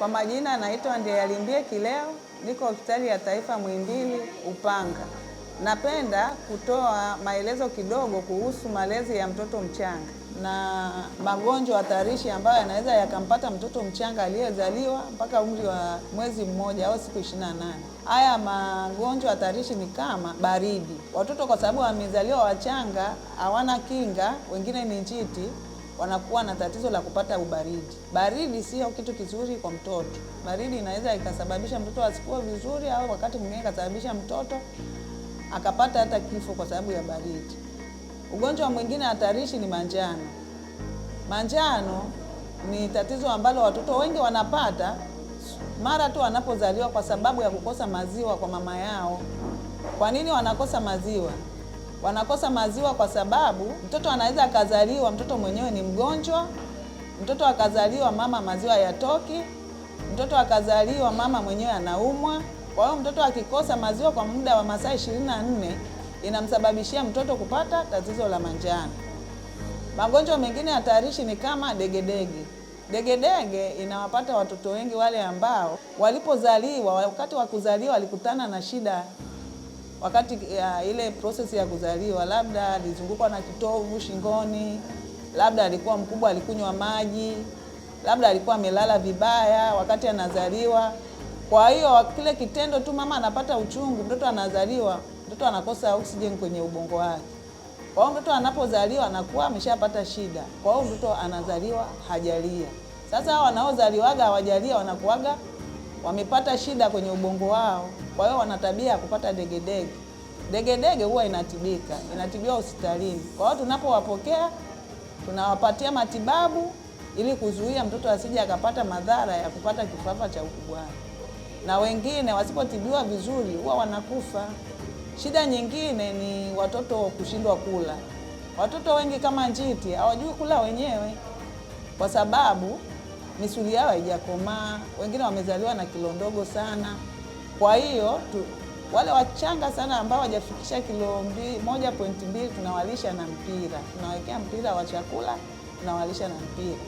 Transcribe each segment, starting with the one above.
Kwa majina naitwa Alimbie Kileo, niko hospitali ya taifa Muhimbili Upanga. Napenda kutoa maelezo kidogo kuhusu malezi ya mtoto mchanga na magonjwa hatarishi ambayo yanaweza yakampata mtoto mchanga aliyezaliwa mpaka umri wa mwezi mmoja au siku 28. Haya magonjwa hatarishi ni kama baridi. Watoto kwa sababu wamezaliwa wachanga, hawana kinga, wengine ni njiti wanakuwa na tatizo la kupata ubaridi. Baridi sio kitu kizuri kwa mtoto. Baridi inaweza ikasababisha mtoto asikue vizuri, au wakati mwingine ikasababisha mtoto akapata hata kifo kwa sababu ya baridi. Ugonjwa mwingine hatarishi ni manjano. Manjano ni tatizo ambalo watoto wengi wanapata mara tu wanapozaliwa kwa sababu ya kukosa maziwa kwa mama yao. Kwa nini wanakosa maziwa? wanakosa maziwa kwa sababu mtoto anaweza akazaliwa, mtoto mwenyewe ni mgonjwa, mtoto akazaliwa mama maziwa yatoki, mtoto akazaliwa mama mwenyewe anaumwa. Kwa hiyo mtoto akikosa maziwa kwa muda wa masaa 24 inamsababishia mtoto kupata tatizo la manjano. Magonjwa mengine hatarishi ni kama degedege. Degedege inawapata watoto wengi wale ambao walipozaliwa, wakati wa kuzaliwa walikutana na shida wakati uh, ile process ya kuzaliwa, labda alizungukwa na kitovu shingoni, labda alikuwa mkubwa, alikunywa maji, labda alikuwa amelala vibaya wakati anazaliwa. Kwa hiyo kile kitendo tu mama anapata uchungu, mtoto anazaliwa, mtoto anakosa oksijeni kwenye ubongo wake. Kwa hiyo mtoto anapozaliwa anakuwa ameshapata shida, kwa hiyo mtoto anazaliwa hajalia. Sasa hao wanaozaliwaga hawajalia wanakuwaga wamepata shida kwenye ubongo wao, kwa hiyo wana tabia ya kupata degedege. Degedege huwa inatibika, inatibiwa hospitalini. Kwa hiyo tunapowapokea tunawapatia matibabu ili kuzuia mtoto asije akapata madhara ya kupata kifafa cha ukubwani, na wengine wasipotibiwa vizuri huwa wanakufa. Shida nyingine ni watoto kushindwa kula. Watoto wengi kama njiti hawajui kula wenyewe kwa sababu misuli yao haijakomaa, wengine wamezaliwa na kilo ndogo sana. Kwa hiyo tu, wale wachanga sana ambao hawajafikisha kilo moja pointi mbili tunawalisha na mpira, tunawekea mpira wa chakula, tunawalisha na mpira.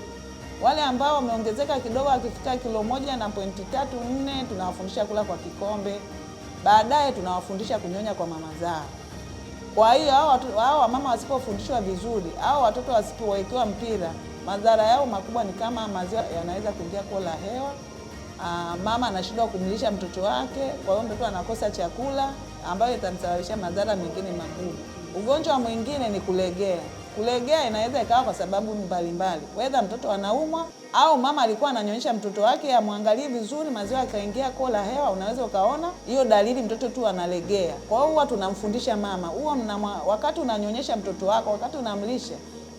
Wale ambao wameongezeka kidogo, wakifika kilo moja na pointi tatu nne, tunawafundisha kula kwa kikombe, baadaye tunawafundisha kunyonya kwa mama zao. Kwa hiyo hao wamama wasipofundishwa vizuri, hao watoto wasipowekewa mpira Madhara yao makubwa ni kama maziwa yanaweza kuingia koo la hewa, ah, mama anashindwa kumlisha mtoto wake, kwa hiyo mtoto anakosa chakula, ambayo itamsababishia madhara mengine makubwa. Ugonjwa mwingine ni kulegea. Kulegea inaweza ikawa kwa sababu mbalimbali, wedha mtoto anaumwa au mama alikuwa ananyonyesha mtoto wake amwangalie vizuri, maziwa yakaingia koo la hewa. Unaweza ukaona hiyo dalili, mtoto tu analegea. Kwa hiyo huwa tunamfundisha mama, huo, wakati unanyonyesha mtoto wako, wakati unamlisha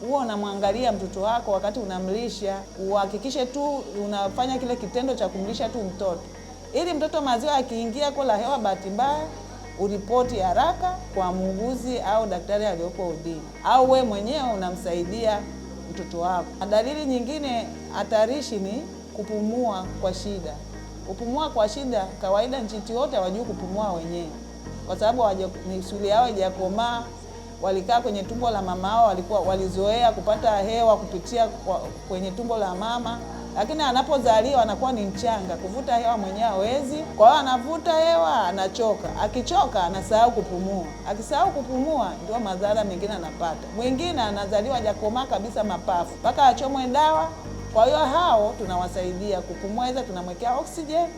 huwa unamwangalia mtoto wako wakati unamlisha, uhakikishe tu unafanya kile kitendo cha kumlisha tu mtoto, ili mtoto maziwa akiingia ko la hewa bahati mbaya uripoti haraka kwa muuguzi au daktari aliyoko udini, au we mwenyewe unamsaidia mtoto wako. Dalili nyingine hatarishi ni kupumua kwa shida. Kupumua kwa shida, kawaida njiti wote hawajui kupumua wenyewe, kwa sababu misuli yao haijakomaa walikaa kwenye tumbo la mama wao, walikuwa walizoea kupata hewa kupitia kwa, kwenye tumbo la mama, lakini anapozaliwa anakuwa ni mchanga, kuvuta hewa mwenyewe hawezi. Kwa hiyo anavuta hewa, anachoka, akichoka anasahau kupumua, akisahau kupumua ndio madhara mengine anapata. Mwingine anazaliwa hajakomaa kabisa mapafu mpaka achomwe dawa. Kwa hiyo hao tunawasaidia kupumua kupumweza, tunamwekea oksijeni.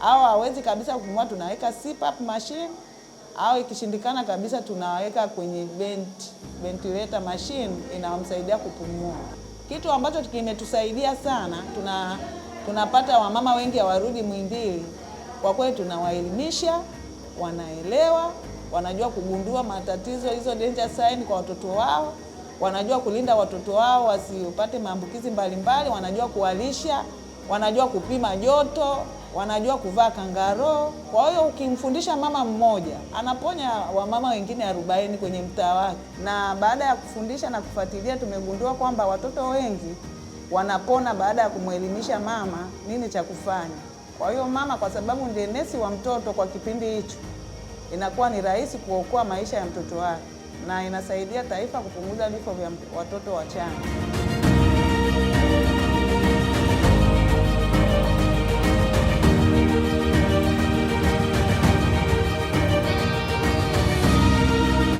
au hawezi kabisa kupumua, tunaweka CPAP machine au ikishindikana kabisa tunaweka kwenye vent, ventilator machine inamsaidia kupumua. Kitu ambacho kimetusaidia sana, tuna tunapata wamama wengi hawarudi Muhimbili. Kwa kweli tunawaelimisha, wanaelewa, wanajua kugundua matatizo hizo danger sign kwa watoto wao, wanajua kulinda watoto wao wasipate maambukizi mbalimbali, wanajua kuwalisha, wanajua kupima joto wanajua kuvaa kangaroo. Kwa hiyo ukimfundisha mama mmoja anaponya wamama wengine arobaini kwenye mtaa wake. Na baada ya kufundisha na kufuatilia, tumegundua kwamba watoto wengi wanapona baada ya kumwelimisha mama nini cha kufanya. Kwa hiyo mama, kwa sababu ndiye nesi wa mtoto kwa kipindi hicho, inakuwa ni rahisi kuokoa maisha ya mtoto wake na inasaidia taifa kupunguza vifo vya watoto wachanga.